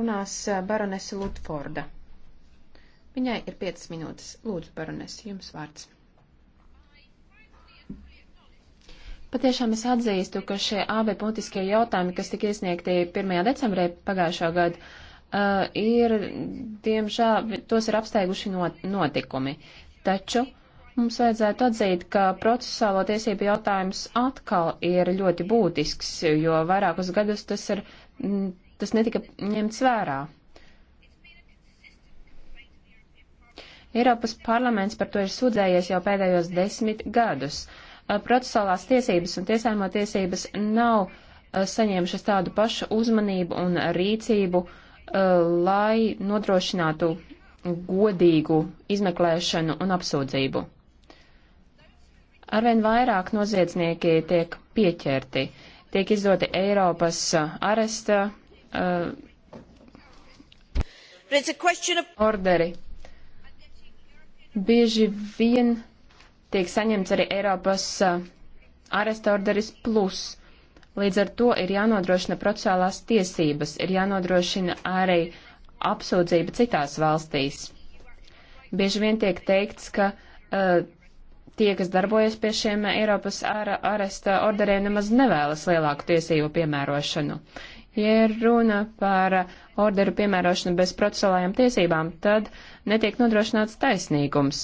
runās baronese Lutforda. Viņai ir 5 minūtes. Lūdzu, baronese, jums vārds. Patiešām es atzīstu, ka šie abi politiskie jautājumi, kas tika iesniegti 1. decembrī pagājušā gada, uh, ir, diemžēl, tos ir apsteiguši not notikumi. Taču mums vajadzētu atzīt, ka procesālo tiesību jautājums atkal ir ļoti būtisks, jo vairākus gadus tas ir tas netika ņemts vērā. Eiropas parlaments par to ir sūdzējies jau pēdējos desmit gadus. Uh, procesuālās tiesības un tiesājumo tiesības nav uh, saņēmušas tādu pašu uzmanību un rīcību, uh, lai nodrošinātu godīgu izmeklēšanu un apsūdzību. Arvien vairāk noziedznieki tiek pieķerti, tiek izdoti Eiropas aresta uh, orderi. Bieži vien tiek saņemts arī Eiropas uh, aresta orderis plus. Līdz ar to ir jānodrošina procesuālās tiesības, ir jānodrošina arī apsūdzība citās valstīs. Bieži vien tiek teikts, ka uh, tie, kas darbojas pie šiem Eiropas āresta orderiem, nemaz nevēlas lielāku tiesību piemērošanu. Ja ir runa par orderu piemērošanu bez procesuālajām tiesībām, tad netiek nodrošināts taisnīgums.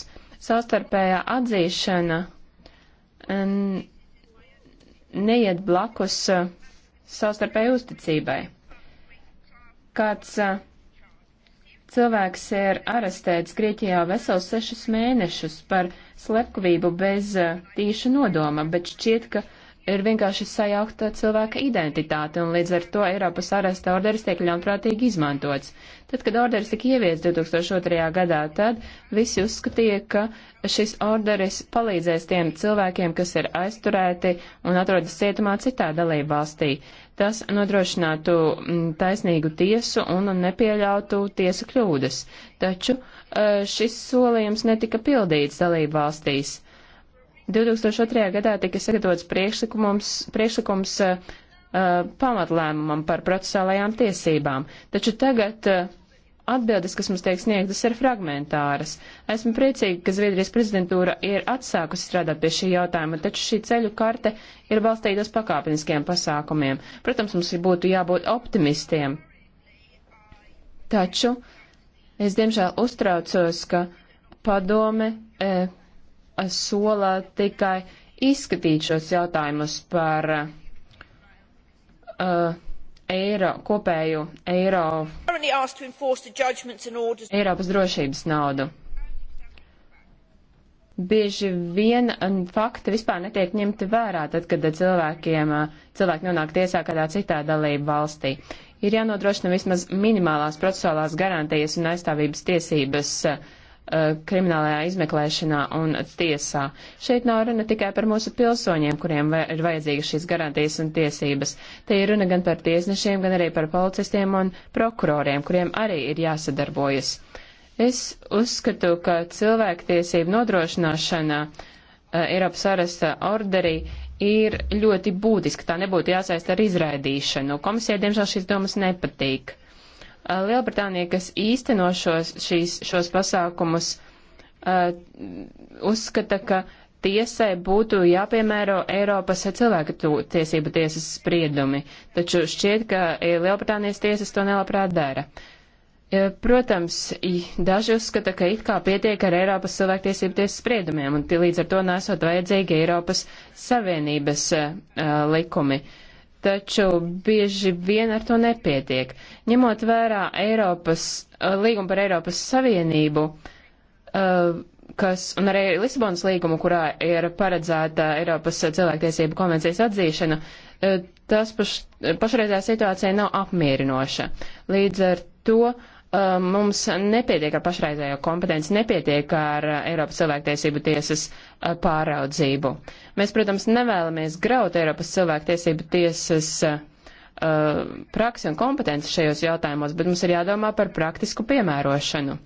Savstarpējā atzīšana neiet blakus uh, savstarpēji uzticībai. Kāds uh, cilvēks ir arestēts Grieķijā vesels sešus mēnešus par slepkavību bez uh, tīša nodoma, bet šķiet, ka ir vienkārši sajaukta cilvēka identitāte, un līdz ar to Eiropas aresta orderis tiek ļaunprātīgi izmantots. Tad, kad orderis tika ieviests 2002. gadā, tad visi uzskatīja, ka šis orderis palīdzēs tiem cilvēkiem, kas ir aizturēti un atrodas cietumā citā dalību valstī. Tas nodrošinātu mm, taisnīgu tiesu un nepieļautu tiesu kļūdas. Taču eh, šis solījums netika pildīts dalību valstīs. 2002. gadā tika sagatavots priekšlikums, priekšlikums uh, uh pamatlēmumam par procesālajām tiesībām, taču tagad uh, atbildes, kas mums tiek sniegtas, ir fragmentāras. Esmu priecīga, ka Zviedrijas prezidentūra ir atsākusi strādāt pie šī jautājuma, taču šī ceļu karte ir balstīta uz pakāpeniskiem pasākumiem. Protams, mums būtu jābūt optimistiem. Taču es diemžēl uztraucos, ka padome. E, eh, sola tikai izskatīt šos jautājumus par uh, eiro, kopēju eiro, Eiropas drošības naudu. Bieži vien um, fakti vispār netiek ņemti vērā, tad, kad cilvēkiem, uh, cilvēki nonāk tiesā kādā citā dalība valstī. Ir jānodrošina vismaz minimālās procesuālās garantijas un aizstāvības tiesības uh, Uh, kriminālajā izmeklēšanā un tiesā. Šeit nav runa tikai par mūsu pilsoņiem, kuriem ir vajadzīgas šīs garantijas un tiesības. Te ir runa gan par tiesnešiem, gan arī par policistiem un prokuroriem, kuriem arī ir jāsadarbojas. Es uzskatu, ka cilvēktiesību nodrošināšana uh, Eiropas aresta orderī ir ļoti būtiska. Tā nebūtu jāsaista ar izraidīšanu. Komisijai, diemžēl, šīs domas nepatīk. Uh, Eh, Lielbritānija, kas īsteno šos, šīs, šos pasākumus, eh, uzskata, ka tiesai būtu jāpiemēro Eiropas cilvēku tiesību tiesas spriedumi, taču šķiet, ka eh, Lielbritānijas tiesas to nelabprāt dara. Protams, daži uzskata, ka it kā pietiek ar Eiropas cilvēktiesību tiesas spriedumiem, un līdz ar to nesot vajadzīgi Eiropas Savienības uh, likumi. Uh, taču bieži vien ar to nepietiek. Ņemot vērā Eiropas, eh, līgumu par Eiropas Savienību, eh, kas, un arī Lisabonas līgumu, kurā ir paredzēta Eiropas cilvēktiesību konvencijas atzīšana, eh, tas paš, pašreizējā situācija nav apmierinoša. Līdz ar to Uh, mums nepietiek ar pašreizējo kompetenci, nepietiek ar uh, Eiropas cilvēktiesību tiesas uh, pāraudzību. Mēs, protams, nevēlamies graut Eiropas cilvēktiesību tiesas praksi un kompetenci šajos jautājumos, bet mums ir jādomā par praktisku piemērošanu.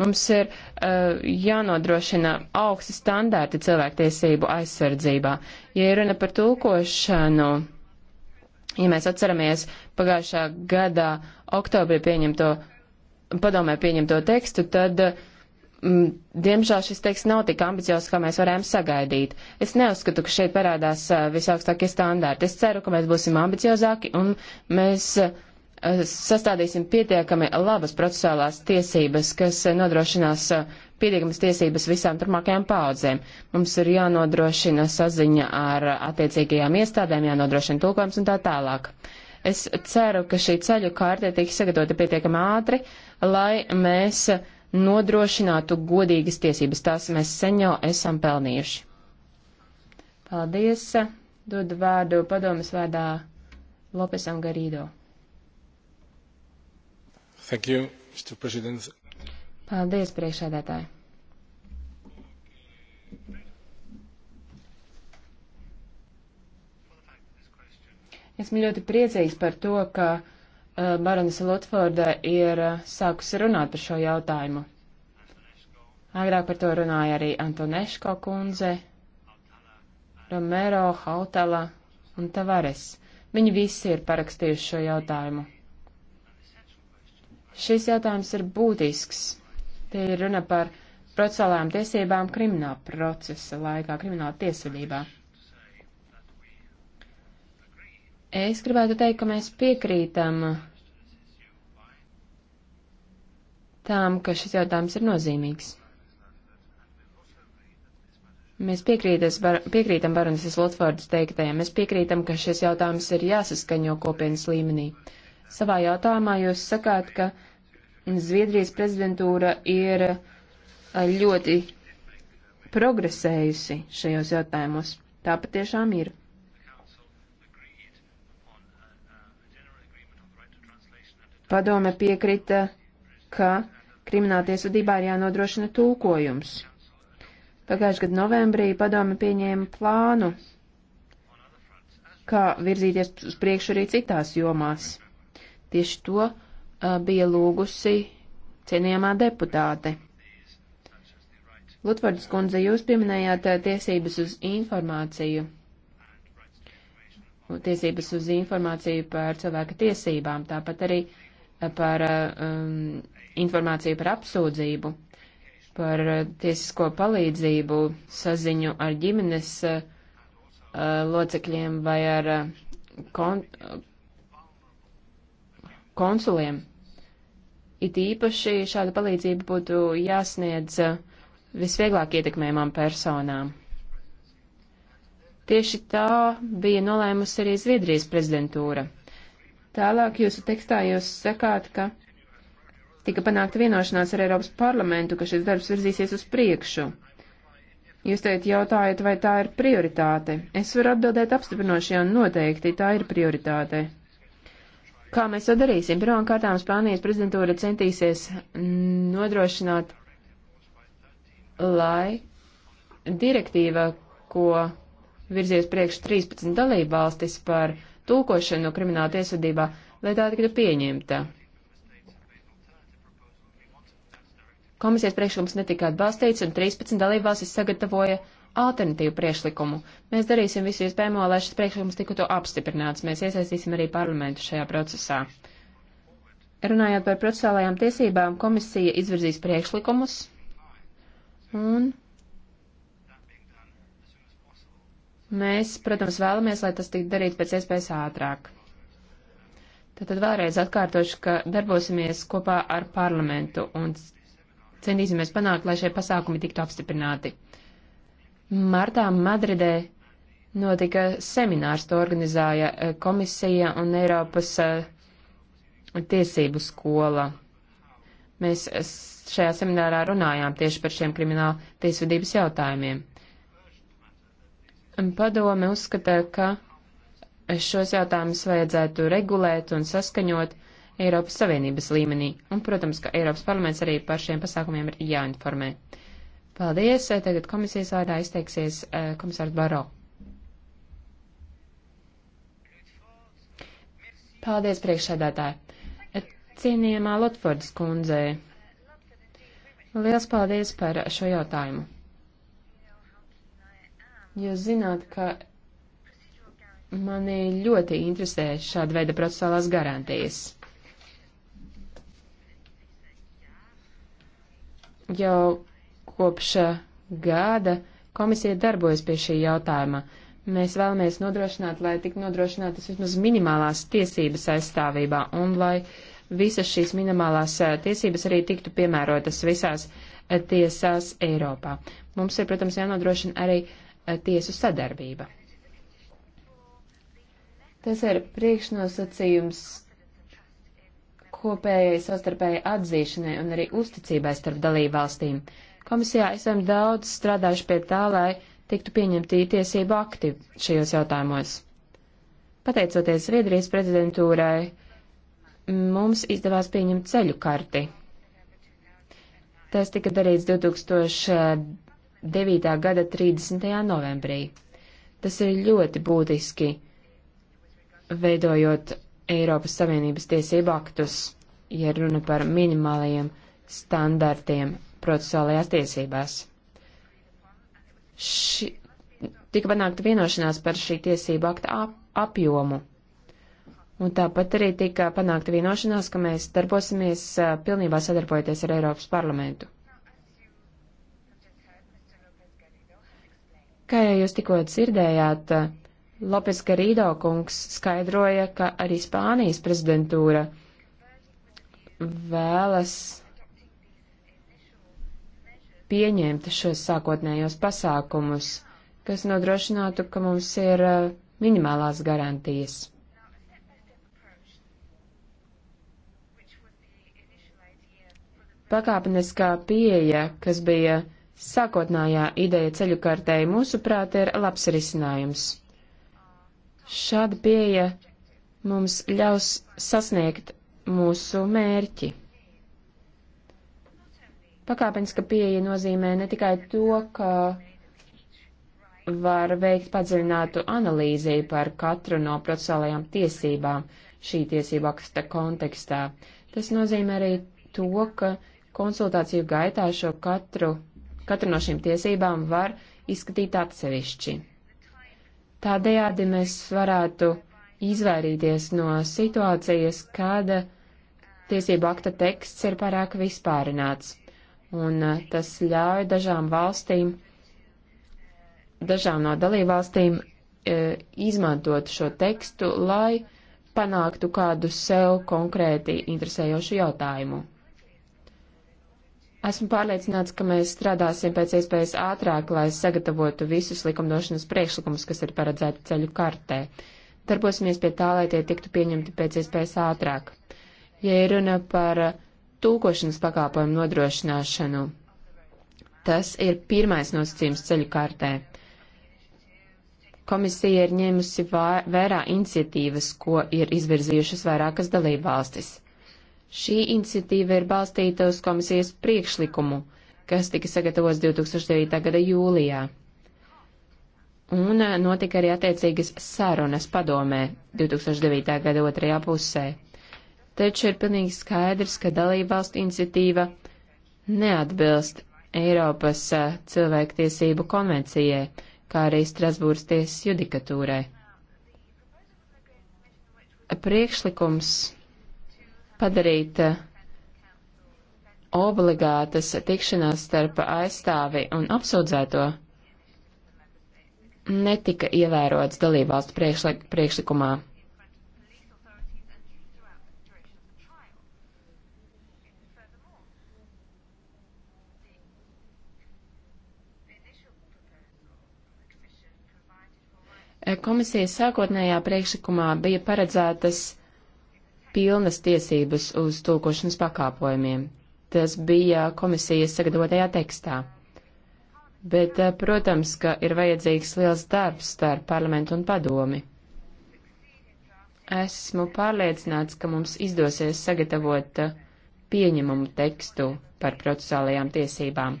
Mums ir uh, jānodrošina augsti standarti cilvēktiesību aizsardzībā. Ja runa par tulkošanu, ja mēs atceramies pagājušā gada oktobrī pieņemto padomē pieņemto tekstu, tad, m, mm, diemžēl, šis teksts nav tik ambiciozs, kā mēs varējām sagaidīt. Es neuzskatu, ka šeit parādās visaugstākie standarti. Es ceru, ka mēs būsim ambiciozāki un mēs sastādīsim pietiekami labas procesuālās tiesības, kas nodrošinās pietiekamas tiesības visām turpmākajām paudzēm. Mums ir jānodrošina saziņa ar attiecīgajām iestādēm, jānodrošina tulkojums un tā tālāk. Uh, Es ceru, ka šī ceļu kārtē tiks sagatavota pietiekami ātri, lai mēs nodrošinātu godīgas tiesības. Tās mēs sen jau esam pelnījuši. Paldies! Dodu vārdu padomas vārdā Lopesam Garīdo. Thank you, Mr. President. Paldies, priekšādātāji! Esmu ļoti priecīgs par to, ka uh, Baronese Lutforda ir uh, sākusi runāt par šo jautājumu. Agrāk par to runāja arī Antoneško kundze, Romero, Hautala un Tavares. Viņi visi ir parakstījuši šo jautājumu. Šis jautājums ir būtisks. Te ir runa par procesālām tiesībām krimināla procesa laikā, krimināla tiesvedībā. Es gribētu teikt, ka mēs piekrītam tām, ka šis jautājums ir nozīmīgs. Mēs bar, piekrītam Baronisas Lotfordas teiktajam, mēs piekrītam, ka šis jautājums ir jāsaskaņo kopienas līmenī. Savā jautājumā jūs sakāt, ka Zviedrijas prezidentūra ir eh, ļoti progresējusi šajos jautājumos. Tā patiešām ir. Padome piekrita, ka krimināltiesvedībā ir jānodrošina tulkojums. Pagājušajā gadā novembrī padome pieņēma plānu, kā virzīties uz priekšu arī citās jomās. Tieši to uh, bija lūgusi cienījamā deputāte. Lutvards kundze, jūs pieminējāt uh, tiesības uz informāciju, tiesības uz informāciju par cilvēka tiesībām, tāpat arī uh, par um, informāciju par apsūdzību, par tiesisko palīdzību, saziņu ar ģimenes uh, locekļiem vai ar uh, kon konsuliem. It īpaši šāda palīdzība būtu jāsniedz uh, visvieglāk ietekmējumām personām. Tieši tā bija nolēmusi arī Zviedrijas prezidentūra. Tālāk jūsu tekstā jūs sakāt, ka tika panākta vienošanās ar Eiropas parlamentu, ka šis darbs virzīsies uz priekšu. Jūs teikt jautājat, vai tā ir prioritāte. Es varu atbildēt apstiprinoši, jau noteikti tā ir prioritāte. Kā mēs to darīsim? Pirmkārtām Spānijas prezidentūra centīsies nodrošināt, lai direktīva, ko virzies priekš 13 dalībvalstis par tulkošana no krimināla tiesvedībā, lai tā tiktu pieņemta. Komisijas priekšlikums netika atbalstīts, un 13 dalībvalstis sagatavoja alternatīvu priekšlikumu. Mēs darīsim visu iespējamo, lai šis priekšlikums tiktu apstiprināts. Mēs iesaistīsim arī parlamentu šajā procesā. Runājot par procesuālajām tiesībām, komisija izvirzīs priekšlikumus, un Mēs, protams, vēlamies, lai tas tiktu darīts pēc iespējas ātrāk. Tātad vēlreiz atkārtošu, ka darbosimies kopā ar parlamentu un centīsimies panākt, lai šie pasākumi tiktu apstiprināti. Martā Madridē notika seminārs, to organizēja eh, komisija un Eiropas eh, tiesību skola. Mēs eh, šajā seminārā runājām tieši par šiem krimināla tiesvedības jautājumiem. Padome uzskata, ka šos jautājumus vajadzētu regulēt un saskaņot Eiropas Savienības līmenī, un, protams, ka Eiropas parlaments arī par šiem pasākumiem ir jāinformē. Paldies, tagad komisijas vārdā izteiksies eh, komisārs Baro. Paldies, priekšsēdētāji. Cienījamā Lotfordas kundzei. Liels paldies par šo jautājumu. Jūs zināt, ka mani ļoti interesē šāda veida procesuālās garantijas. Jau kopš gada komisija darbojas pie šī jautājuma. Mēs vēlamies nodrošināt, lai tik nodrošinātas vismaz minimālās tiesības aizstāvībā un lai visas šīs minimālās eh, tiesības arī tiktu piemērotas visās eh, tiesās Eiropā. Mums ir, protams, jānodrošina arī uh, tiesu sadarbība. Tas ir priekšnosacījums kopējai sastarpēji atzīšanai un arī uzticībai starp dalībvalstīm. Komisijā esam daudz strādājuši pie tā, lai tiktu pieņemti tiesību akti šajos jautājumos. Pateicoties Zviedrijas prezidentūrai, mums izdevās pieņemt ceļu karti. Tas tika darīts 2009. 9. gada 30. novembrī. Tas ir ļoti būtiski, veidojot Eiropas Savienības tiesību aktus, ja runa par minimālajiem standartiem procesuālajās tiesībās. Ši, tika panākta vienošanās par šī tiesību akta ap, apjomu. Un tāpat arī tika panākta vienošanās, ka mēs darbosimies pilnībā sadarbojoties ar Eiropas parlamentu. Kā jau jūs tikko dzirdējāt, eh, Lopes Garīdo kungs skaidroja, ka arī Spānijas prezidentūra vēlas pieņemt šos sākotnējos pasākumus, kas nodrošinātu, ka mums ir eh, minimālās garantijas. Pakāpeniskā pieeja, kas bija Sākotnējā ideja ceļu kartei mūsuprāt ir labs risinājums. Šāda pieeja mums ļaus sasniegt mūsu mērķi. Pakāpeniska pieeja nozīmē ne tikai to, ka var veikt padziļinātu analīzi par katru no procesuālajām tiesībām šī tiesība aksta kontekstā. Tas nozīmē arī to, ka konsultāciju gaitā šo katru Katru no šīm tiesībām var izskatīt atsevišķi. Tādējādi mēs varētu izvairīties no situācijas, kad tiesību akta teksts ir pārāk vispārināts, un tas ļauj dažām valstīm, dažām no dalībvalstīm e, izmantot šo tekstu, lai panāktu kādu sev konkrēti interesējošu jautājumu. Esmu pārliecināts, ka mēs strādāsim pēc iespējas ātrāk, lai sagatavotu visus likumdošanas priekšlikumus, kas ir paredzēti ceļu kartē. Darbosimies pie tā, lai tie tiktu pieņemti pēc iespējas ātrāk. Ja ir runa par tūkošanas pakāpojumu nodrošināšanu, tas ir pirmais nosacījums ceļu kartē. Komisija ir ņēmusi vērā iniciatīvas, ko ir izvirzījušas vairākas dalībvalstis. Šī iniciatīva ir balstīta uz komisijas priekšlikumu, kas tika sagatavots 2009. gada jūlijā. Un eh, notika arī attiecīgas sarunas padomē 2009. gada otrajā pusē. Taču ir pilnīgi skaidrs, ka dalībvalstu iniciatīva neatbilst Eiropas eh, cilvēktiesību konvencijai, kā arī Strasbūras tiesas judikatūrai. Priekšlikums, padarīt eh, obligātas tikšanās starp aizstāvi un apsūdzēto netika ievērots dalībvalstu priekšlikumā. Eh, komisijas sākotnējā priekšlikumā bija paredzētas pilnas tiesības uz tulkošanas pakāpojumiem. Tas bija komisijas sagatavotajā tekstā. Bet, eh, protams, ka ir vajadzīgs liels darbs starp parlamentu un padomi. Esmu pārliecināts, ka mums izdosies sagatavot eh, pieņemumu tekstu par procesālajām tiesībām.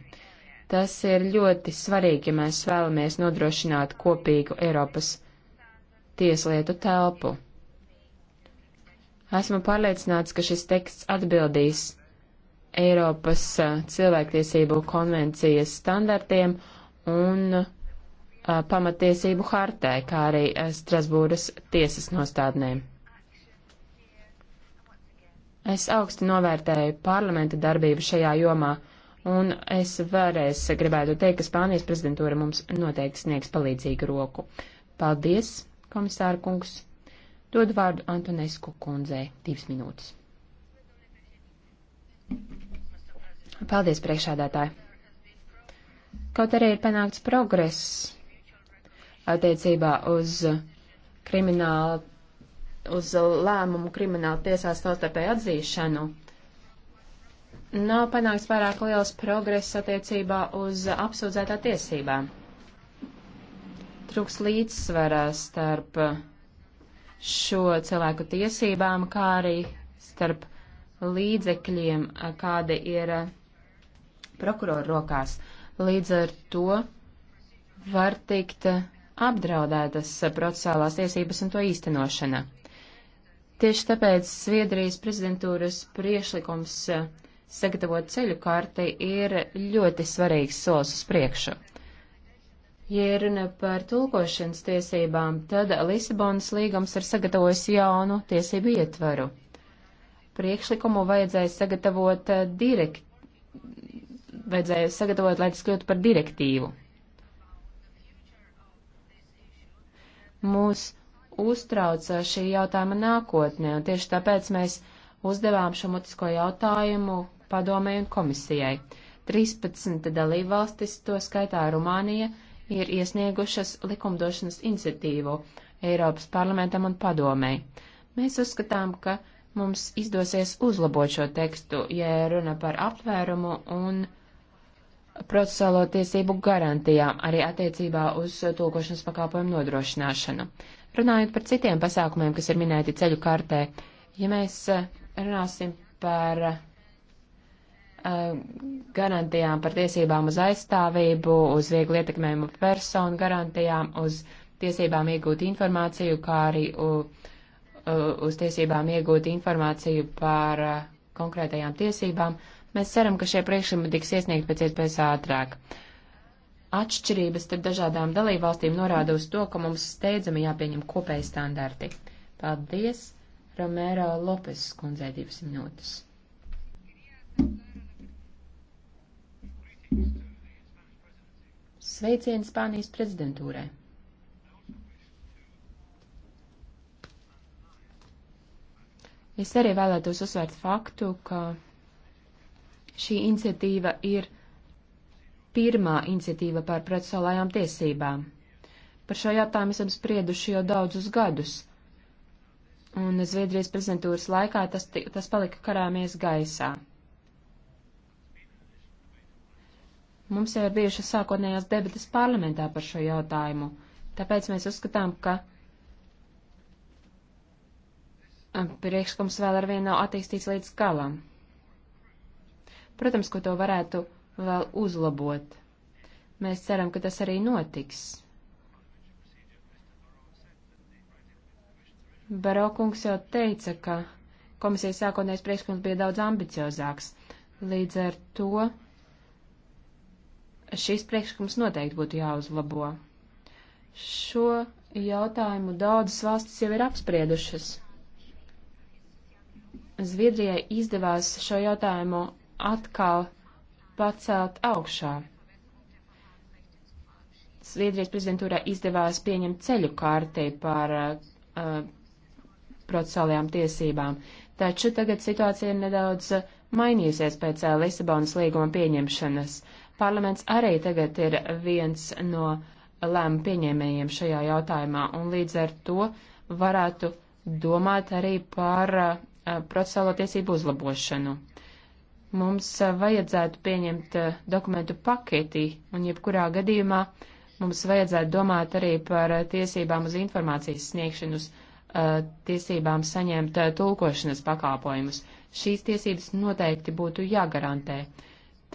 Tas ir ļoti svarīgi, ja mēs vēlamies nodrošināt kopīgu Eiropas tieslietu telpu. Esmu pārliecināts, ka šis teksts atbildīs Eiropas uh, cilvēktiesību konvencijas standartiem un uh, pamatiesību hartai, kā arī uh, Strasbūras tiesas nostādnēm. Es augsti novērtēju parlamenta darbību šajā jomā, un es vēlreiz gribētu teikt, ka Spānijas prezidentūra mums noteikti sniegs palīdzīgu roku. Paldies, komisāra kungs! Dod vārdu Antonesku kundzei divas minūtes. Paldies, priekšādātāji! Kaut arī ir panākts progress attiecībā uz kriminālu, uz lēmumu kriminālu tiesā savstarpēju atzīšanu, nav panākts pārāk liels progress attiecībā uz apsūdzētā tiesībām. Trūks līdzsvarā starp uh, šo cilvēku tiesībām, kā arī starp līdzekļiem, kādi ir eh, prokuroru rokās. Līdz ar to var tikt eh, apdraudētas procesālās tiesības un to īstenošana. Tieši tāpēc Zviedrijas prezidentūras priešlikums eh, sagatavot ceļu karti ir ļoti svarīgs solis uz priekšu. Ja runa par tulkošanas tiesībām, tad Lisabonas līgums ir sagatavojis jaunu tiesību ietvaru. Priekšlikumu vajadzēja sagatavot eh, direkt, vajadzēja sagatavot, lai tas kļūtu par direktīvu. Mūs uztrauca šī jautājuma nākotnē, un tieši tāpēc mēs uzdevām šo mutisko jautājumu padomēju un komisijai. 13 dalībvalstis, to skaitā Rumānija, ir iesniegušas likumdošanas iniciatīvu Eiropas parlamentam un padomēji. Mēs uzskatām, ka mums izdosies uzlabot šo tekstu, ja runa par aptvērumu un procesuālo tiesību garantijām arī attiecībā uz tulkošanas pakāpojumu nodrošināšanu. Runājot par citiem pasākumiem, kas ir minēti ceļu kartē, ja mēs runāsim par garantijām par tiesībām uz aizstāvību, uz viegli ietekmējumu personu garantijām, uz tiesībām iegūt informāciju, kā arī uz tiesībām iegūt informāciju par uh, konkrētajām tiesībām. Mēs ceram, ka šie priekšlikumi tiks iesniegti pēc iespējas ātrāk. Atšķirības starp dažādām dalībvalstīm norāda uz to, ka mums steidzami jāpieņem kopēji standarti. Paldies, Romero Lopes skundzē divas minūtes. Sveicieni Spānijas prezidentūrai! Es arī vēlētos uzsvērt faktu, ka šī iniciatīva ir pirmā iniciatīva par pretsolājām tiesībām. Par šo jautājumu esam sprieduši jau daudzus gadus, un Zviedrijas prezidentūras laikā tas, tas palika karāmies gaisā. Mums jau ir bijušas sākotnējās debatas parlamentā par šo jautājumu, tāpēc mēs uzskatām, ka um, priekšlikums vēl ar vienu nav attīstīts līdz galam. Protams, ka to varētu vēl uzlabot. Mēs ceram, ka tas arī notiks. Barokungs jau teica, ka komisijas sākotnējais priekšlikums bija daudz ambiciozāks. Līdz ar to šis priekšlikums noteikti būtu jāuzlabo. Šo jautājumu daudzas valstis jau ir apspriedušas. Zviedrijai izdevās šo jautājumu atkal pacelt augšā. Zviedrijas prezidentūrā izdevās pieņemt ceļu kārti par uh, procesālajām tiesībām, taču tagad situācija ir nedaudz uh, mainījusies pēc Lisabonas līguma pieņemšanas. Parlaments arī tagad ir viens no lēmu pieņēmējiem šajā jautājumā, un līdz ar to varētu domāt arī par procesālo tiesību uzlabošanu. Mums vajadzētu pieņemt dokumentu paketi, un jebkurā gadījumā mums vajadzētu domāt arī par tiesībām uz informācijas sniegšanu, uz tiesībām saņemt tulkošanas pakāpojumus. Šīs tiesības noteikti būtu jāgarantē.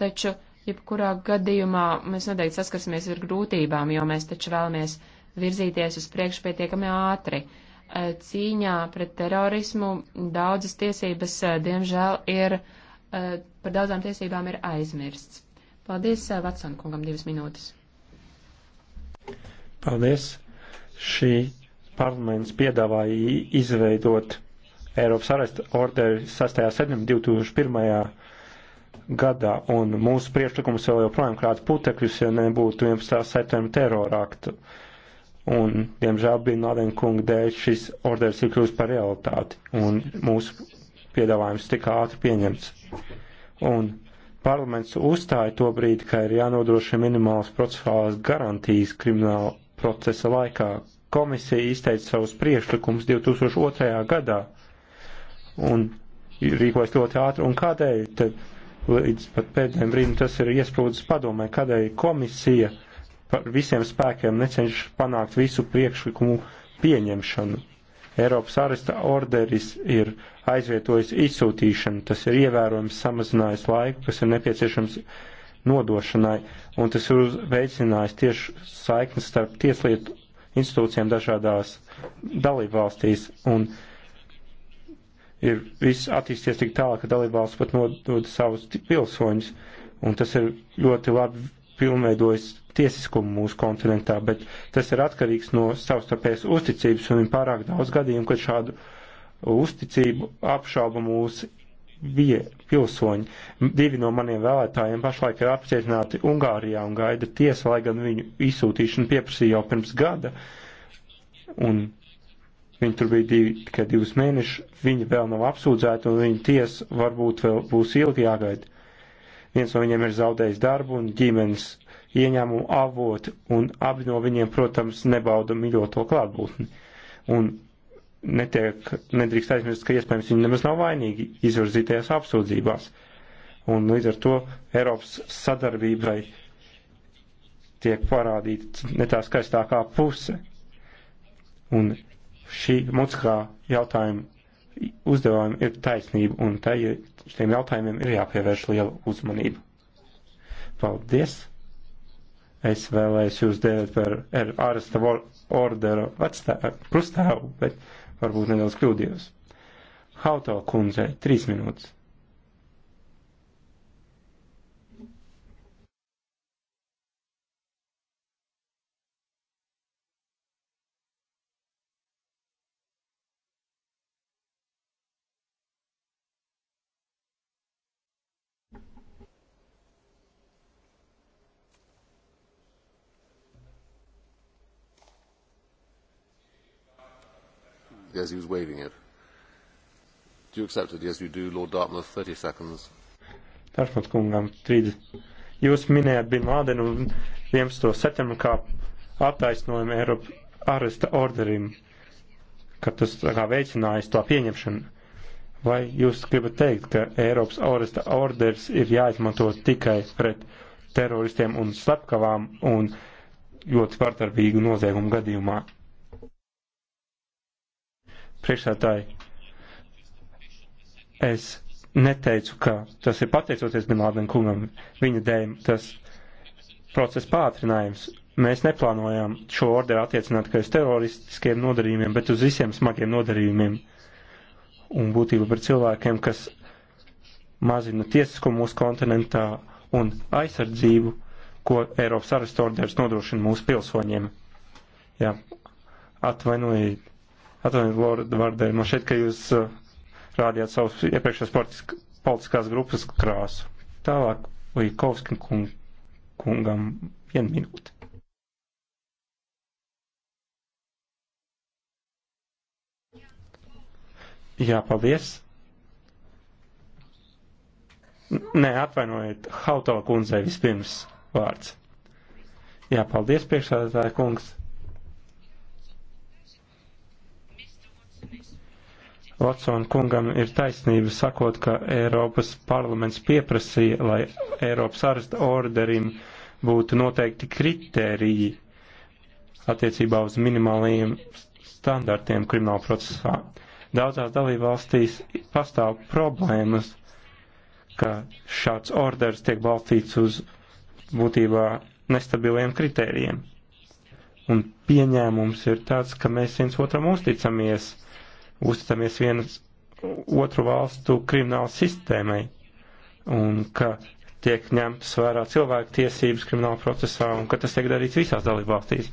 Taču, jebkurā gadījumā, mēs noteikti saskarsimies ar grūtībām, jo mēs taču vēlamies virzīties uz priekšu pietiekami ātri. E, cīņā pret terorismu daudzas tiesības, e, diemžēl, ir, e, par daudzām tiesībām ir aizmirsts. Paldies Vatsankungam divas minūtes. Paldies! Šī parlaments piedāvāja izveidot Eiropas aresta orderi 6. septembrī 2001. gadā, un mūsu priekšlikums vēl joprojām krāta putekļus, ja nebūtu 11. septembra teroraktu. Un, diemžēl, bija Nādēna kunga dēļ šis orders ir kļūst par realitāti, un mūsu piedāvājums tika ātri pieņemts. Un parlaments uzstāja to brīdi, ka ir jānodrošina minimālas procesuālās garantijas krimināla procesa laikā. Komisija izteica savus priešlikumus 2002. gadā un rīkojas ļoti ātri. Un kādēļ tad līdz pat pēdējiem brīdim tas ir iesprūdis padomē, kādēļ komisija par visiem spēkiem necenšas panākt visu priekšlikumu pieņemšanu? Eiropas aresta orderis ir aizvietojis izsūtīšanu, tas ir ievērojams samazinājis laiku, kas ir nepieciešams nodošanai, un tas ir veicinājis tieši saiknes starp tieslietu institūcijām dažādās dalībvalstīs. Un ir viss attīsties tik tālāk, ka dalībvalsts pat nodod savus pilsoņus, un tas ir ļoti labi pilnveidojis tiesiskumu mūsu kontinentā, bet tas ir atkarīgs no savstarpējas uzticības, un ir pārāk daudz gadījumu, kad šādu uzticību apšauba mūsu bija pilsoņi. Divi no maniem vēlētājiem pašlaik ir apcietināti Ungārijā un gaida tiesa, lai gan viņu izsūtīšanu pieprasīja jau pirms gada. Un Viņa tur bija divi, tikai divus mēnešus, viņa vēl nav apsūdzēta un viņa tiesa varbūt vēl būs ilgi jāgaida. Viens no viņiem ir zaudējis darbu un ģimenes ieņēmumu avot, un abi no viņiem, protams, nebauda mīļoto klātbūtni. Un netiek, nedrīkst aizmirst, ka iespējams viņi nemaz nav vainīgi izvirzītajās apsūdzībās. Un līdz ar to Eiropas sadarbībai tiek parādīta ne tā skaistākā puse. Un šī mutiskā jautājuma uzdevuma ir taisnība, un tai ir, šiem jautājumiem ir jāpievērš liela uzmanība. Paldies! Es vēlējos jūs dēvēt par er, ārsta orderu krustāvu, bet varbūt nedaudz kļūdījos. Hautala kundzei trīs minūtes. as he was waving it. Do you accept it? Yes, you do. Lord Dartmouth, 30 seconds. Dartmouth kungam, 30. Jūs minējat Bin Lādenu 11. septembru kā attaisnojumu Eiropas aresta orderim, ka tas kā veicinājis to pieņemšanu. Vai jūs gribat teikt, ka Eiropas aresta orders ir jāizmanto tikai pret teroristiem un slepkavām un ļoti vardarbīgu noziegumu gadījumā? Priekšsētāji, es neteicu, ka tas ir pateicoties Milādam kungam, viņa dēļ tas process pātrinājums. Mēs neplānojām šo orderu attiecināt tikai uz teroristiskiem nodarījumiem, bet uz visiem smagiem nodarījumiem un būtību par cilvēkiem, kas mazina tiesiskumu mūsu kontinentā un aizsardzību, ko Eiropas arestorderis nodrošina mūsu pilsoņiem. Jā, atvainojiet Atvainojiet, Lorda Vardēļ, man šeit, ka jūs uh, rādījāt savus iepriekšējos politiskās grupas krāsu. Tālāk Līkovskim kung, kungam vienu minūti. Jā, paldies. Nē, atvainojiet, Hautala kundzei vispirms vārds. Jā, paldies, priekšsādātāja kungs. Vatsona kungam ir taisnība sakot, ka Eiropas parlaments pieprasīja, lai Eiropas arsta orderim būtu noteikti kritēriji attiecībā uz minimālajiem standartiem krimināla procesā. Daudzās dalībvalstīs pastāv problēmas, ka šāds orders tiek balstīts uz būtībā nestabiliem kritērijiem. Un pieņēmums ir tāds, ka mēs viens otram uzticamies uzticamies vienas otru valstu kriminālu sistēmai un ka tiek ņemtas vērā cilvēku tiesības krimināla procesā un ka tas tiek darīts visās dalībvalstīs.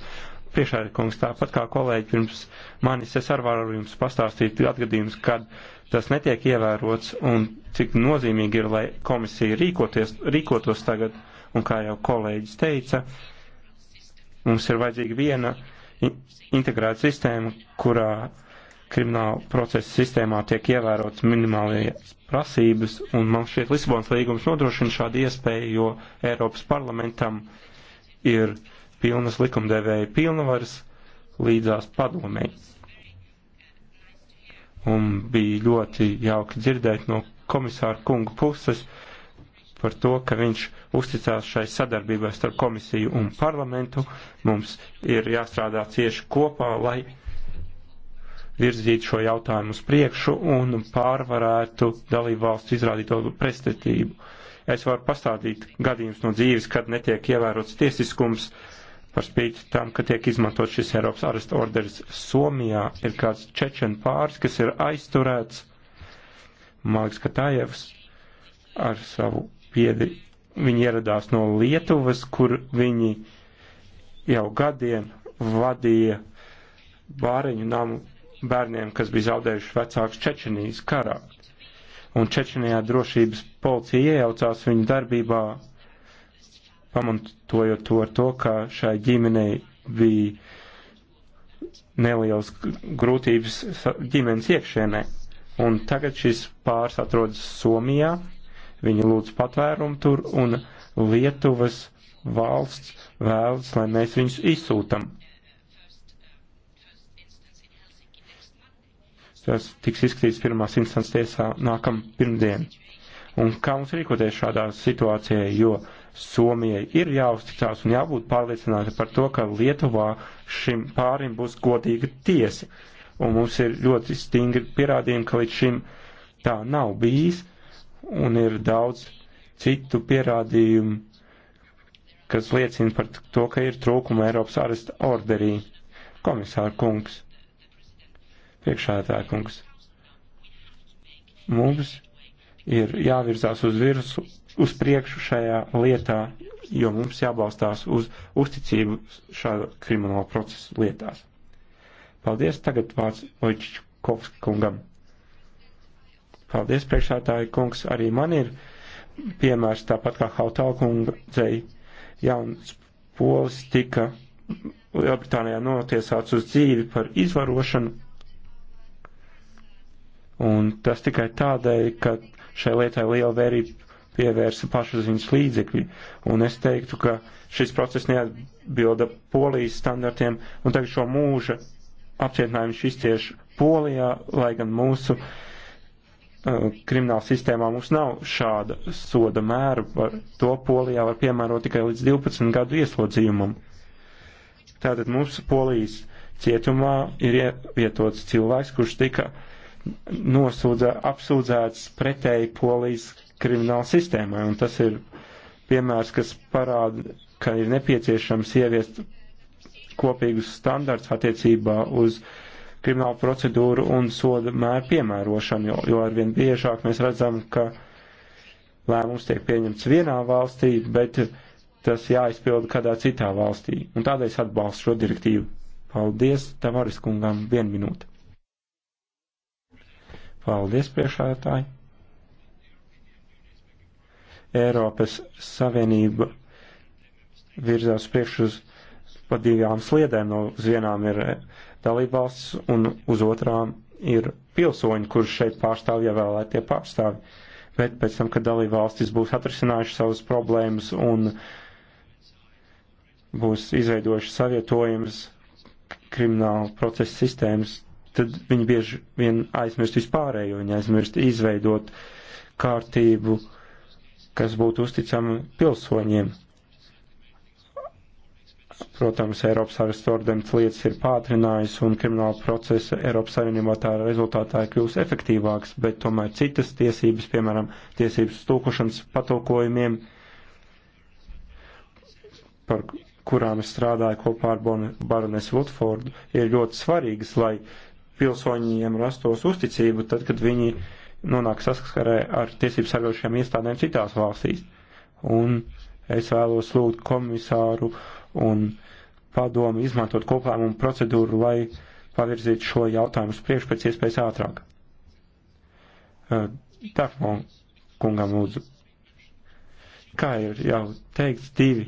Priekšādīkums tāpat kā kolēģi pirms manis es ar varu jums pastāstīt atgadījums, kad tas netiek ievērots un cik nozīmīgi ir, lai komisija rīkoties, rīkotos tagad un kā jau kolēģis teica, mums ir vajadzīga viena integrēta sistēma, kurā uh, krimināla procesa sistēmā tiek ievērotas minimālajās prasības, un man šķiet Lisabonas līgums nodrošina šādu iespēju, jo Eiropas parlamentam ir pilnas likumdevēja pilnvaras līdzās padomēji. Un bija ļoti jauki dzirdēt no komisāra kunga puses par to, ka viņš uzticās šai sadarbībai starp komisiju un parlamentu. Mums ir jāstrādā cieši kopā, lai virzītu šo jautājumu uz priekšu un pārvarētu dalību valstu izrādīto prestatību. Es varu pastādīt gadījumus no dzīves, kad netiek ievērots tiesiskums, par spīti tam, ka tiek izmantot šis Eiropas arestu orders Somijā, ir kāds čečen pāris, kas ir aizturēts, Maliks Katājevs, ar savu piedri. Viņi ieradās no Lietuvas, kur viņi jau gadiem vadīja bāriņu namu bērniem, kas bija zaudējuši vecāks Čečenijas karā. Un Čečenijā drošības policija iejaucās viņu darbībā, pamantojot to ar to, ka šai ģimenei bija nelielas grūtības ģimenes iekšienē. Un tagad šis pāris atrodas Somijā, viņi lūdz patvērumu tur, un Lietuvas valsts vēlas, lai mēs viņus izsūtam. Tas tiks izskatīts pirmās instants tiesā nākam pirmdien. Un kā mums rīkoties šādā situācijā, jo Somijai ir jāuzticās un jābūt pārliecināti par to, ka Lietuvā šim pārim būs godīga tiesa. Un mums ir ļoti stingri pierādījumi, ka līdz šim tā nav bijis, un ir daudz citu pierādījumu, kas liecina par to, ka ir trūkuma Eiropas aresta orderī. Komisāra kungs, priekšādātāja kungs. Mums ir jāvirzās uz virsu, uz priekšu šajā lietā, jo mums jābalstās uz uzticību šāda krimināla procesa lietās. Paldies, tagad vārds Oļķikovska kungam. Paldies, priekšādātāja kungs, arī man ir piemērs tāpat kā Hautalkunga dzēja. Jauns polis tika Lielbritānijā notiesāts uz dzīvi par izvarošanu Un tas tikai tādēļ, ka šai lietai liela vērība pievērsa pašaziņas līdzekļi. Un es teiktu, ka šis process neatbilda polijas standartiem, un tagad šo mūža apcietinājumu šis tieši polijā, lai gan mūsu uh, krimināla sistēmā mums nav šāda soda mēra, par to polijā var piemērot tikai līdz 12 gadu ieslodzījumam. Tātad mums polijas cietumā ir ievietots cilvēks, kurš tika uh, nosūdza, apsūdzēts pretēji polijas krimināla sistēmai, un tas ir piemērs, kas parāda, ka ir nepieciešams ieviest kopīgus standarts attiecībā uz kriminālu procedūru un soda mēru piemērošanu, jo, jo arvien biežāk mēs redzam, ka lēmums tiek pieņemts vienā valstī, bet tas jāizpilda kādā citā valstī. Un tādēļ es atbalstu šo direktīvu. Paldies, Tavares kungam, vienu minūti. Paldies, priekšētāji! Eiropas Savienība virzās priekš uz pa divām sliedēm. No uz vienām ir dalībvalsts un uz otrām ir pilsoņi, kurš šeit pārstāv ievēlētie pārstāvi. Bet pēc tam, kad dalībvalstis būs atrisinājuši savas problēmas un būs izveidojuši savietojums kriminālu procesu sistēmas, tad viņi bieži vien aizmirst vispārējo, viņi aizmirst izveidot kārtību, kas būtu uzticama pilsoņiem. Protams, Eiropas arestu ordenes lietas ir pātrinājis un krimināla procesa Eiropas Savienībā tā rezultātā ir kļūst efektīvāks, bet tomēr citas tiesības, piemēram, tiesības tūkušanas patulkojumiem, par kurām es strādāju kopā ar Baronesu Vudfordu, ir ļoti svarīgas, lai pilsoņiem rastos uzticību, tad, kad viņi nonāk saskarē ar tiesību sargošajām iestādēm citās valstīs. Un es vēlos lūgt komisāru un padomu izmantot koplēmumu procedūru, lai pavirzītu šo jautājumu uz priekšu pēc iespējas ātrāk. Tāpēc kungam lūdzu. Kā ir jau teikts, divi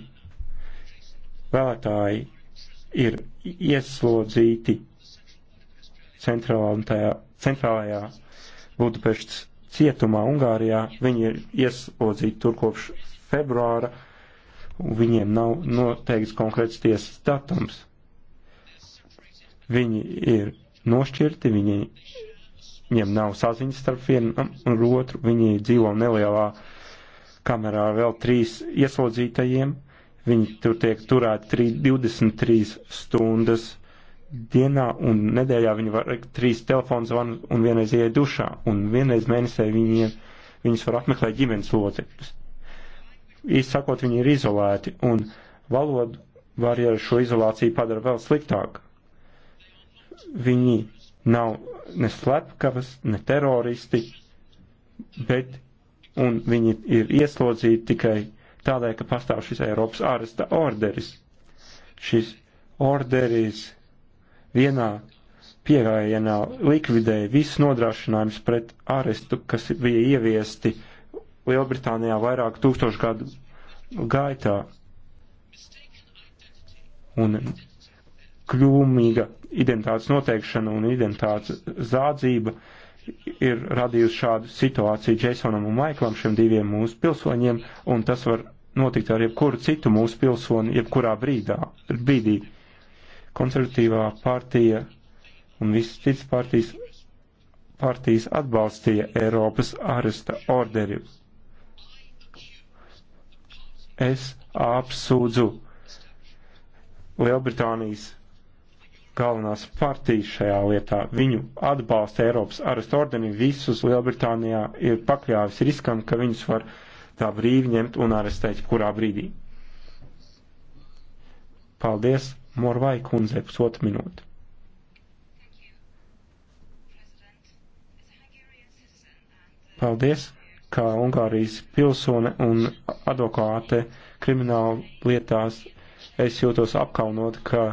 vēlētāji ir ieslodzīti centrālajā Budapeštas cietumā Ungārijā. Viņi ir ieslodzīti tur kopš februāra, un viņiem nav noteikts konkrēts tiesas datums. Viņi ir nošķirti, viņi, viņiem nav saziņas starp vienu un otru, viņi dzīvo nelielā kamerā vēl trīs ieslodzītajiem, viņi tur tiek turēti 23 stundas dienā un nedēļā viņi var trīs telefonu zvanus un vienreiz ieiet dušā, un vienreiz mēnesē viņiem, viņus var apmeklēt ģimenes locekļus. Īsti sakot, viņi ir izolēti, un valodu barjeru šo izolāciju padara vēl sliktāk. Viņi nav ne slepkavas, ne teroristi, bet un viņi ir ieslodzīti tikai tādēļ, ka pastāv šis Eiropas āresta orderis. Šis orderis vienā pievējienā likvidēja visus nodrošinājumus pret arestu, kas bija ieviesti Lielbritānijā vairāku tūkstošu gadu gaitā. Un kļūmīga identitātes noteikšana un identitātes zādzība ir radījusi šādu situāciju Jasonam un Maiklam, šiem diviem mūsu pilsoņiem, un tas var notikt ar jebkuru citu mūsu pilsoni, jebkurā brīdā, brīdī konservatīvā partija un visas citas partijas, partijas atbalstīja Eiropas aresta orderi. Es apsūdzu Lielbritānijas galvenās partijas šajā lietā. Viņu atbalsta Eiropas arestu ordeni visus Lielbritānijā ir pakļāvis riskam, ka viņus var tā brīvi ņemt un arestēt kurā brīdī. Paldies! Morvai kundzei pusotru minūti. Paldies, kā Ungārijas pilsone un advokāte krimināla lietās es jūtos apkaunot, ka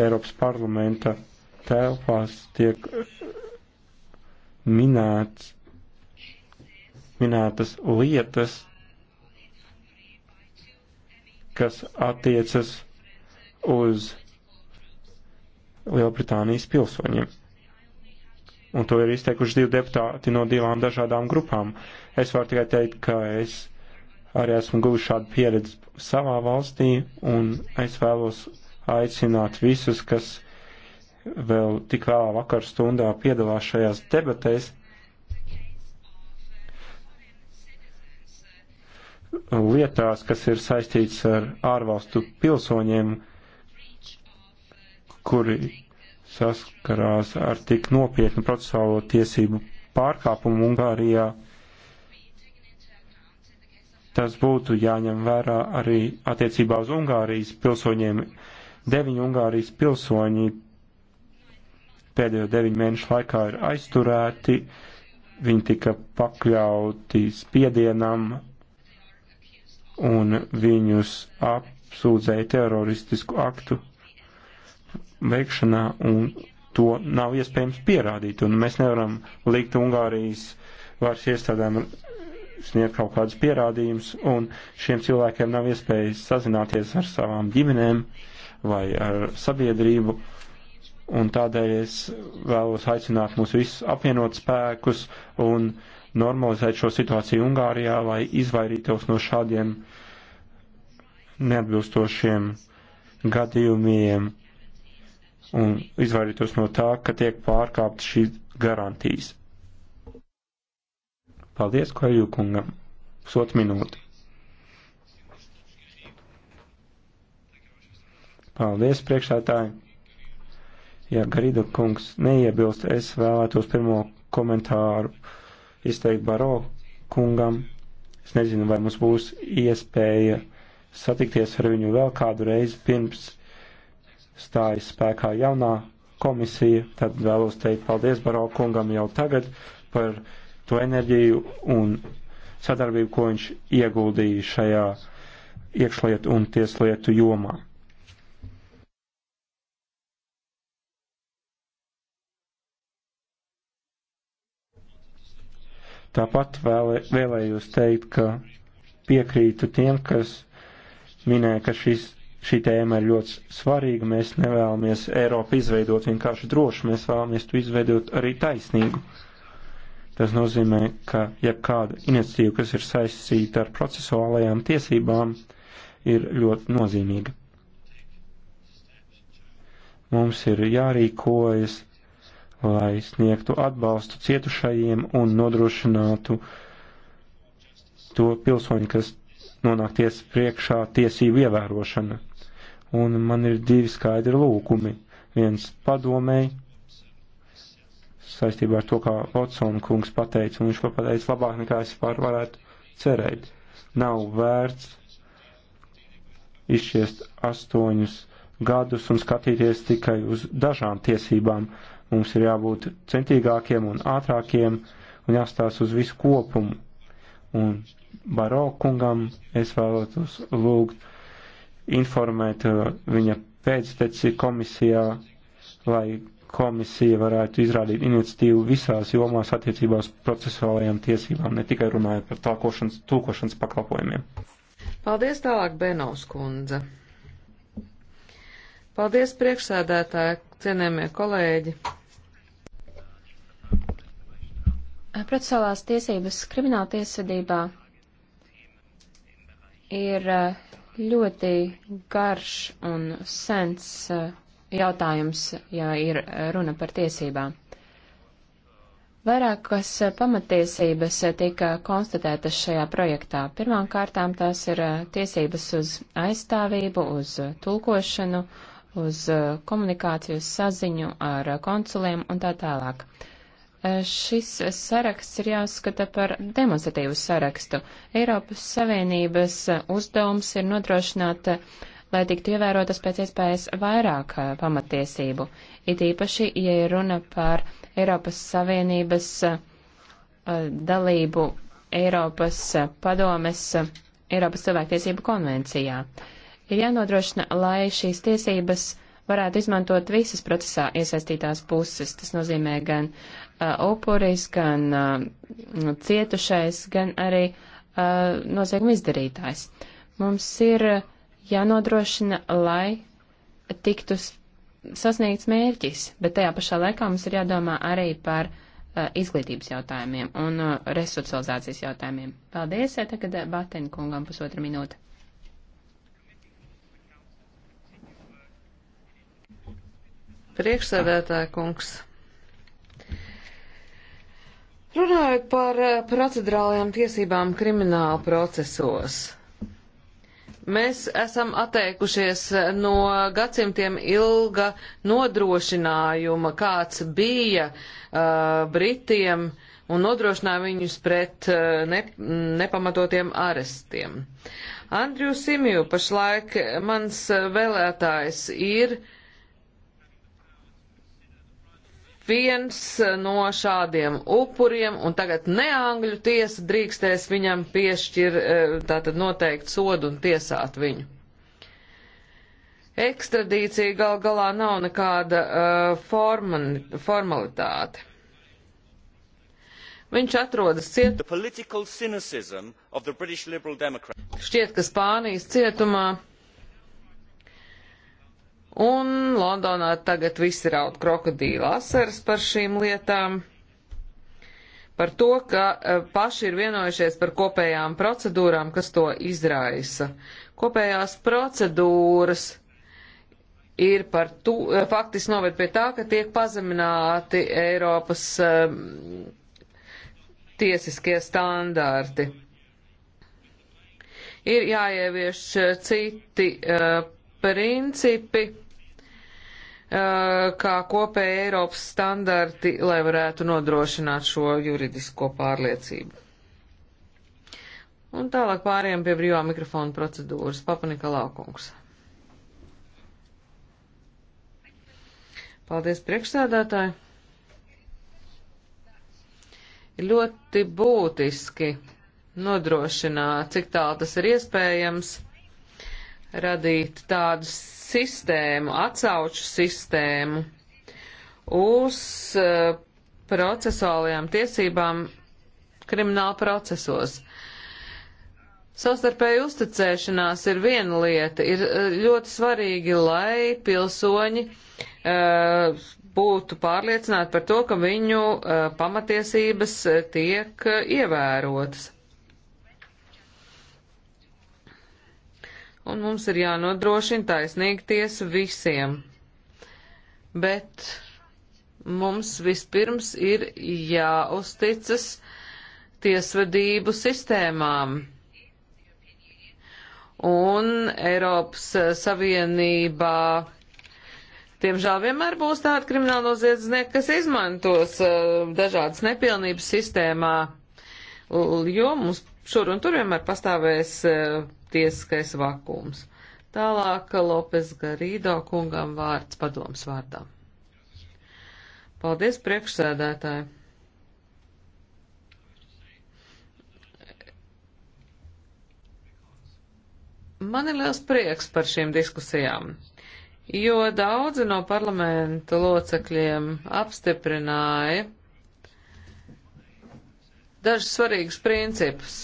Eiropas parlamenta telpās tiek minēts, minētas lietas, kas attiecas uz Lielbritānijas pilsoņiem. Un to ir izteikuši divi deputāti no divām dažādām grupām. Es varu tikai teikt, ka es arī esmu guvis šādu pieredzi savā valstī, un es vēlos aicināt visus, kas vēl tik vēlā vakar stundā piedalās šajās debatēs, lietās, kas ir saistīts ar ārvalstu pilsoņiem, kuri saskarās ar tik nopietnu procesuālo tiesību pārkāpumu Ungārijā, tas būtu jāņem vērā arī attiecībā uz Ungārijas pilsoņiem. Deviņi Ungārijas pilsoņi pēdējo deviņu mēnešu laikā ir aizturēti, viņi tika pakļauti spiedienam un viņus apsūdzēja teroristisku aktu veikšanā, un to nav iespējams pierādīt, un mēs nevaram likt Ungārijas varas iestādēm sniegt kaut kādus pierādījumus, un šiem cilvēkiem nav iespējas sazināties ar savām ģimenēm vai ar sabiedrību, un tādēļ es vēlos aicināt mūs visus apvienot spēkus un normalizēt šo situāciju Ungārijā, lai izvairītos no šādiem neatbilstošiem gadījumiem un izvairītos no tā, ka tiek pārkāpt šīs garantijas. Paldies, Koeju kungam. Pusot minūti. Paldies, priekšētāji. Ja Garida kungs neiebilst, es vēlētos pirmo komentāru izteikt Baro kungam. Es nezinu, vai mums būs iespēja satikties ar viņu vēl kādu reizi pirms stājas spēkā jaunā komisija, tad vēlos teikt paldies Baro kungam jau tagad par to enerģiju un sadarbību, ko viņš ieguldīja šajā iekšlietu un tieslietu jomā. Tāpat vēlē, vēlējos teikt, ka piekrītu tiem, kas minēja, ka šis Šī tēma ir ļoti svarīga. Mēs nevēlamies Eiropu izveidot vienkārši drošu, mēs vēlamies to izveidot arī taisnīgu. Tas nozīmē, ka jebkāda ja iniciatīva, kas ir saistīta ar procesuālajām tiesībām, ir ļoti nozīmīga. Mums ir jārīkojas, lai sniegtu atbalstu cietušajiem un nodrošinātu to pilsoņu, kas nonāk tiesas priekšā, tiesību ievērošana un man ir divi skaidri lūkumi. Viens padomēji saistībā ar to, kā Votsona kungs pateica, un viņš to pateica labāk nekā es pārvarētu cerēt. Nav vērts izšķiest astoņus gadus un skatīties tikai uz dažām tiesībām. Mums ir jābūt centīgākiem un ātrākiem un jāstās uz visu kopumu. Un Baro kungam es vēlētos lūgt informēt uh, viņa pēcteci komisijā, lai komisija varētu izrādīt iniciatīvu visās jomās attiecībā uz procesuālajām tiesībām, ne tikai runājot par tākošanas, tūkošanas pakalpojumiem. Paldies tālāk, Benovs kundze. Paldies priekšsēdētāji, cienējamie kolēģi. Procesuālās tiesības krimināla tiesvedībā ir eh, ļoti garš un sens eh, jautājums, ja ir eh, runa par tiesībām. Vairākas eh, pamatiesības tika konstatētas šajā projektā. Pirmām kārtām tās ir tiesības uz aizstāvību, uz tulkošanu, uz komunikāciju, saziņu ar konsuliem un tā tālāk šis saraksts ir jāuzskata par demonstratīvu sarakstu. Eiropas Savienības uzdevums ir nodrošināt, lai tiktu ievērotas pēc iespējas vairāk pamatiesību, it īpaši, ja ir runa par Eiropas Savienības dalību Eiropas padomes Eiropas cilvēktiesību konvencijā. Ir jānodrošina, lai šīs tiesības varētu izmantot visas procesā iesaistītās puses. Tas nozīmē gan upuris, gan cietušais, gan arī nozieguma izdarītājs. Mums ir jānodrošina, lai tiktu sasniegts mērķis, bet tajā pašā laikā mums ir jādomā arī par izglītības jautājumiem un resocializācijas jautājumiem. Paldies, tagad Bateni kungam pusotra minūte. Priekšsēdētāja kungs. Runājot par eh, procedurālajām tiesībām krimināla procesos, mēs esam atteikušies eh, no gadsimtiem ilga nodrošinājuma, kāds bija uh, Britiem un nodrošināja viņus pret uh, ne, nepamatotiem arestiem. Andriju Simju pašlaik mans vēlētājs ir uh, viens no šādiem upuriem, un tagad ne Angļu tiesa drīkstēs viņam piešķir, e, tātad noteikt sodu un tiesāt viņu. Ekstradīcija gal galā nav nekāda uh, forman, formalitāte. Viņš atrodas cietumā. Šķiet, ka Spānijas cietumā Un Londonā tagad visi raud krokodīla asaras par šīm lietām, par to, ka e, paši ir vienojušies par kopējām procedūrām, kas to izraisa. Kopējās procedūras ir par to, e, faktiski noved pie tā, ka tiek pazemināti Eiropas um, tiesiskie standarti. Ir jāievieš citi uh, principi eh, kā kopēja Eiropas standarti, lai varētu nodrošināt šo juridisko pārliecību. Un tālāk pāriem pie brīvā mikrofona procedūras. Papanika Laukungs. Paldies priekšsēdētāji. Ir ļoti būtiski nodrošināt, cik tālu tas ir iespējams radīt tādu sistēmu, atsauču sistēmu uz uh, procesuālajām tiesībām krimināla procesos. Savstarpēja uzticēšanās ir viena lieta. Ir uh, ļoti svarīgi, lai pilsoņi uh, būtu pārliecināti par to, ka viņu pamatiesības tiek ievērotas. un mums ir jānodrošina taisnīga tiesa visiem. Bet mums vispirms ir jāuzticas tiesvedību sistēmām. Un Eiropas Savienībā, diemžēl, vienmēr būs tādi krimināli noziedznieki, kas izmantos uh, dažādas nepilnības sistēmā, jo mums šur un tur vienmēr pastāvēs uh, tiesiskais vakums. Tālāk Lopes Garīdo kungam vārds padoms vārdā. Paldies priekšsēdētāji! Man ir liels prieks par šīm diskusijām, jo daudzi no parlamenta locekļiem apstiprināja dažus svarīgus principus,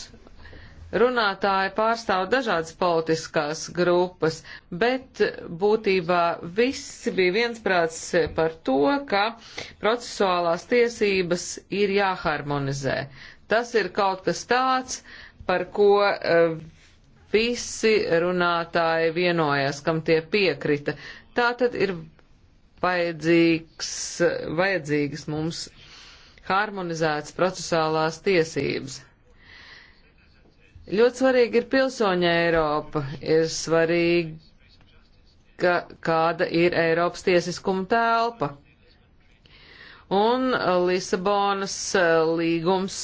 Runātāji pārstāv dažādas politiskās grupas, bet būtībā visi bija viensprāts par to, ka procesuālās tiesības ir jāharmonizē. Tas ir kaut kas tāds, par ko eh, visi runātāji vienojās, kam tie piekrita. Tā tad ir vajadzīgs, vajadzīgas mums harmonizētas procesuālās tiesības. Ļoti svarīgi ir pilsoņa Eiropa, ir svarīgi, ka, kāda ir Eiropas tiesiskuma telpa. Un Lisabonas eh, līgums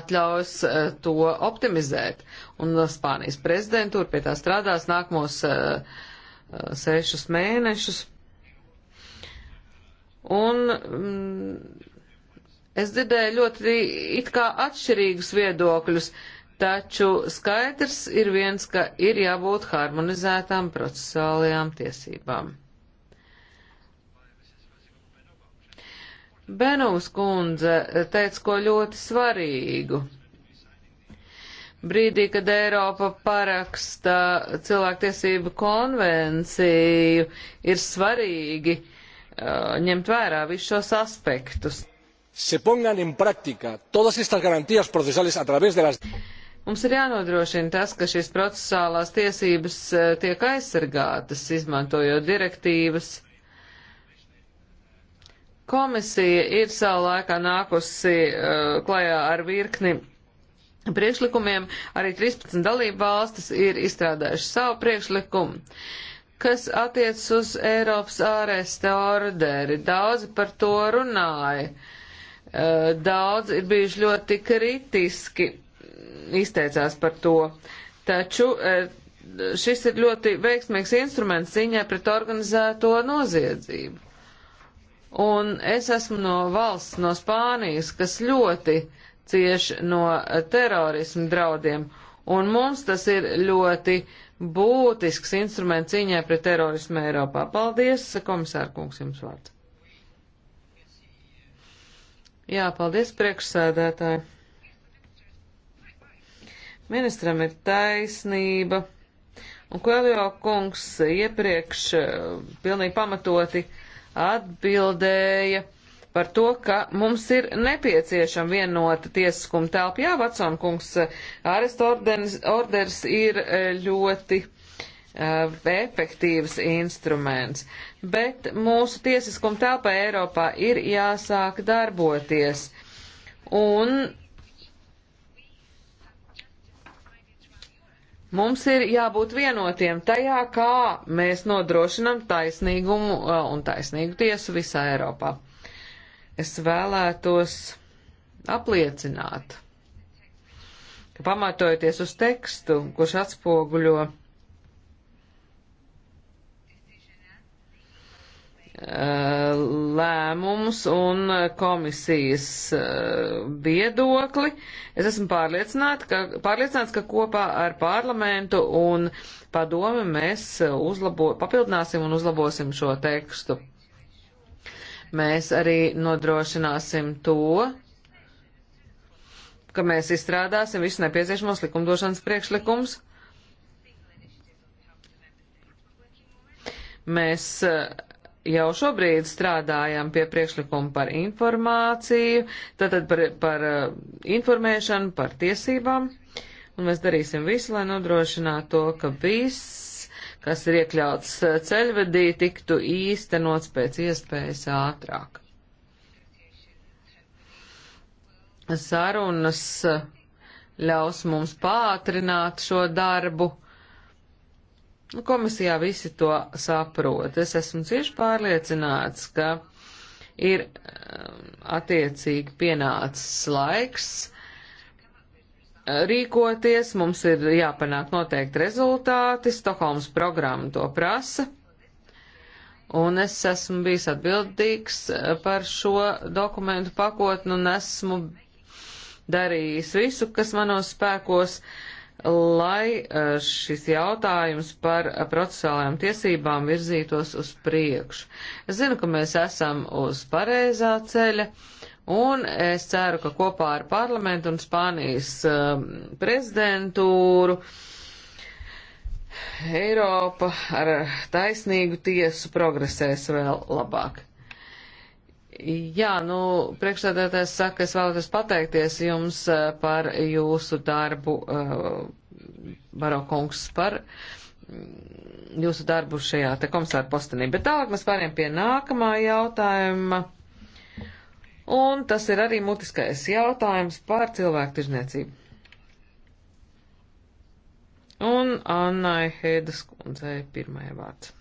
atļaus eh, to optimizēt. Un Spānijas prezidentūra pie tā strādās nākamos eh, sešus mēnešus. Un mm, Es dzirdēju ļoti it kā atšķirīgus viedokļus, taču skaidrs ir viens, ka ir jābūt harmonizētām procesuālajām tiesībām. Benovs kundze teica ko ļoti svarīgu. Brīdī, kad Eiropa paraksta cilvēktiesību konvenciju, ir svarīgi uh, ņemt vērā visus šos aspektus se pongan en práctica todas estas garantías procesales a través de las. Mums ir jānodrošina tas, ka šīs procesālās tiesības eh, tiek aizsargātas, izmantojot direktīvas. Komisija ir savā laikā nākusi uh, klajā ar virkni priekšlikumiem, arī 13 dalību valstis ir izstrādājuši savu priekšlikumu. Uh, kas attiecas uz Eiropas ārēsta orderi. Daudzi par to runāja. Eh, daudz ir bijuši ļoti kritiski izteicās par to, taču eh, šis ir ļoti veiksmīgs instruments cīņā pret organizēto noziedzību. Un es esmu no valsts, no Spānijas, kas ļoti cieši no eh, terorismu draudiem, un mums tas ir ļoti būtisks instruments cīņā pret terorismu Eiropā. Paldies, komisārkungs, jums vārds. Jā, paldies priekšsēdētāji. Ministram ir taisnība. Un Koelio kungs iepriekš eh, pilnīgi pamatoti atbildēja par to, ka mums ir nepieciešama vienota tiesiskuma telpa. Jā, Vatsona kungs, eh, arestu orders ir eh, ļoti Uh, efektīvs instruments, bet mūsu tiesiskuma telpa Eiropā ir jāsāk darboties. Un mums ir jābūt vienotiem tajā, kā mēs nodrošinam taisnīgumu uh, un taisnīgu tiesu visā Eiropā. Es vēlētos apliecināt, ka pamatojoties uz tekstu, kurš atspoguļo Uh, lēmumus un komisijas uh, viedokli. Es esmu pārliecināts, ka, pārliecināts, ka kopā ar parlamentu un padomi mēs uzlabo, papildināsim un uzlabosim šo tekstu. Mēs arī nodrošināsim to, ka mēs izstrādāsim visus nepieciešamos likumdošanas priekšlikums. Mēs uh, jau šobrīd strādājam pie priekšlikuma par informāciju, tātad par, par eh, informēšanu, par tiesībām, un mēs darīsim visu, lai nodrošinātu to, ka viss, kas ir iekļauts eh, ceļvedī, tiktu īstenots pēc iespējas ātrāk. Sarunas eh, ļaus mums pātrināt šo darbu Nu, komisijā visi to saprot. Es esmu cieši pārliecināts, ka ir um, attiecīgi pienācis laiks uh, rīkoties, mums ir jāpanāk noteikti rezultāti, Stokholmas programma to prasa, un es esmu bijis atbildīgs uh, par šo dokumentu pakotnu un esmu darījis visu, kas manos spēkos, uh, lai eh, šis jautājums par procesuālajām tiesībām virzītos uz priekšu. Es zinu, ka mēs esam uz pareizā ceļa, un es ceru, ka kopā ar parlamentu un Spānijas eh, prezidentūru Eiropa ar taisnīgu tiesu progresēs vēl labāk. Jā, nu, priekšsēdētājs saka, es vēlētos pateikties jums eh, par jūsu darbu, eh, Barokungs, par mm, jūsu darbu šajā te komisāra postenī. Bet tālāk mēs pāriem pie nākamā jautājuma. Un tas ir arī mutiskais jautājums par cilvēku tirzniecību. Un Annai Hēdas kundzei pirmajai vārds.